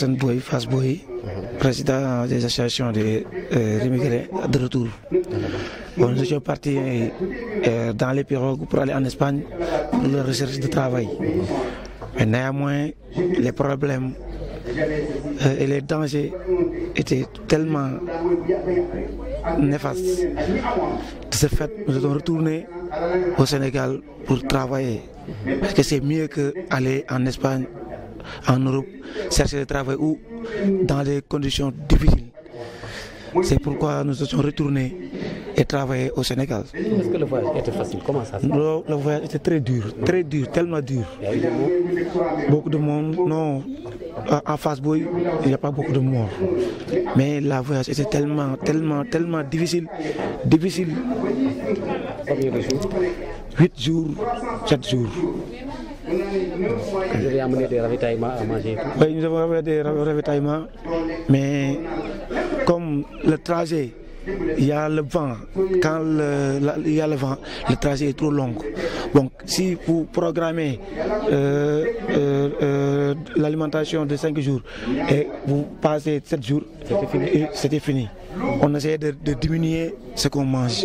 Alassane Boy Fass Boy président des associations des euh, de retour. Bon, nous étions euh, dans les pirogues pour aller en Espagne pour recherche de travail. Mais néanmoins, les problèmes euh, et les dangers étaient tellement néfastes. De ce fait, nous devons retourner au Sénégal pour travailler. Parce que c'est mieux qu'aller en Espagne en Europe chercher du travail ou dans des conditions difficiles. C'est pourquoi nous sommes retournés et travaillé au Sénégal. Est-ce que le voyage était très dur, très dur, tellement dur. Il y de monde, non. En face boy, il n'y a pas beaucoup de morts. Mais la voyage était tellement, tellement, tellement difficile, difficile. Combien de jours 8 jours. Vous avez amené des ravitaillements à manger mais comme le trajet, il y a le vent, quand le, trajet est trop long. Donc, si vous programmez euh, euh, euh l'alimentation de cinq jours et vous passez 7 jours, c'était fini. fini. On essaie de, de diminuer ce qu'on mange.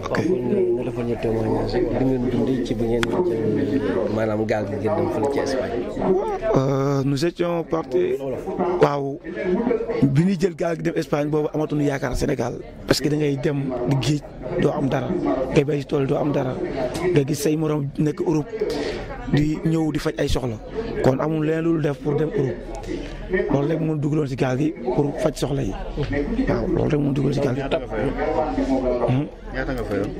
ok kon nga gaal gi ngeen dem fële Espagne. Euh, nous waaw bi ñuy jël gaal gi dem Espagne boobu amatuñu yaakaar Sénégal parce que da ngay dem di géej doo am dara ngay bay tool doo am dara nga gis say morom nekk Europe. di ñëw di faj ay soxla kon amul leen lu def pour dem Europe loolu rek mun dugaloon si gaal gi pour faj soxla yi waaw loolu rek mun dugaloon si gaal gi. Hmm? ñaata nga fayoon.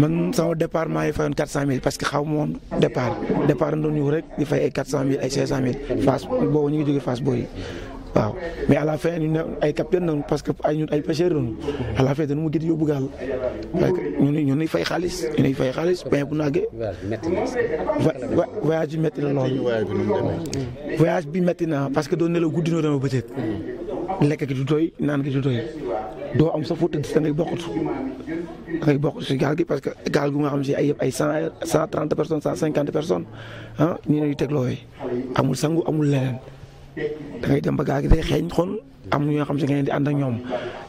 man sama départ maa ngi fayoon quatre cent mille parce que xaw ma woon départ départ am doon ñëw rek di fay ay quatre cent mille ay cinq cent mille Fass boobu ñu ngi jógee Fass boobu waaw mais à la fin ñu ne ay capitaine nañu parce que ñun ay pêcheurs nañu à la fin dañu mu gën yóbbu gaal ñu ñu fay xaalis ñu ngi fay xaalis pain bu naagee. voyage bi metti na lool voyage bi métti na parce que doo nelaw guddi noo dama bëccëg lekk gi du doy naan gi du doy doo am sa fóot da ngay bokkut da ngay bokkut si gaal gi parce que gaal gu nga xam si ay yëpp ay cent cent trente personnes cent cinquante personnes ah ñu ne ñu teg looy amul sangu amul leneen. da ngay dem ba gaa gi day xeeñ xol am ñoo xam si nga di ànd ak ñoom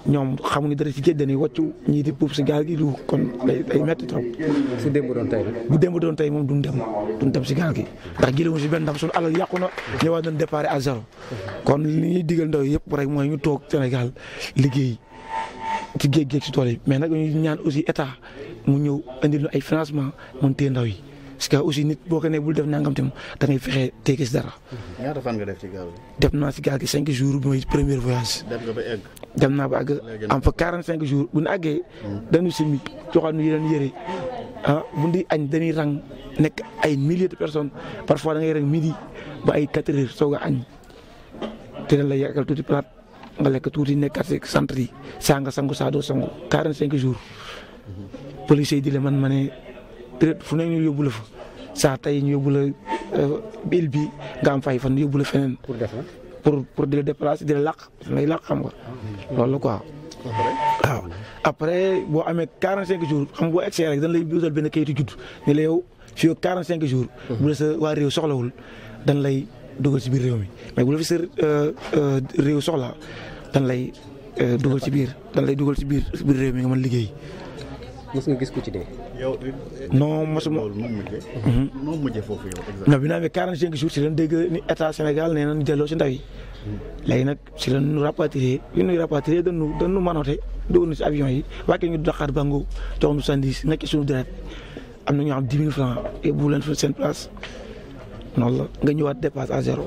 ñoom xamuñu dara ci géej dañuy wàccu ñii di puub si gaal gi du kon day day métti trop. su démb doon tey doon tey moom duñ dem duñ dem si gaal gi ndax jëlewuñ si benn ndam suñu alal yàqu na ñëwaat nañ départ à zéro kon li ñuy digal ndaw yëpp rek mooy ñu toog Sénégal liggéey ci géej géej si tool yi mais nag ñu ñaan aussi état mu ñëw indil lu ay financement mën téye ndaw yi. parce que aussi nit boo ko nee bul def nangam tam da ngay fexe tey gis dara. ñaata fan nga def naa si gaal gi cinq jours mooy premier voyage. dem nga ba egg. dem naa ba àgg am fa quarante cinq jours bu ñu àggee. dañu simi ah, di añ dañuy rang nekk ay milliers de personnes parfois da ngay rang midi ba ay quatre heures soog a añ te dañ la yàggal tuuti plat nga lekk tuuti nekk si centre yi saa nga sangu saa doo quarante cinq jours mhm. police di la man ma fu ne ñu yóbbu fa saa tey ñu yóbbu la il euh, bi nga am fay fan yóbbu la feneen. pour def pour pour di la déplacer di la làq lay làq xam nga. loolu ko quoi. waaw après boo amee 45 jours xam nga boo egsee rek dañ lay biiral kayitu judd ne la yow fii ak 45 jours. waa réew soxlawul dañ lay dugal si biir réew mi mais bu la fi sa euh, euh, réew soxla dañ lay dugal si biir dañ lay dugal ci biir biir réew mi nga mën liggéey. mës nga gis ku ci dee. yow eh, non mosuma mhm. noo mujjee foofu yow non bi ñu amee 45 jours si lañ dégg ni état Sénégal nee nañ delloo si ndaw yi mm. léegi nag si lañ ñu rapatrié bi ñu rapatrié dañ ñu dañ ñu manoote dugg si avion yi wàccee ñu Dakar Bango jox ñu sandis nekk suñu deret am na ñoo xam 10 000 francs et bu leen fa seen place noonu la nga ñëwaat dépasse à zéro.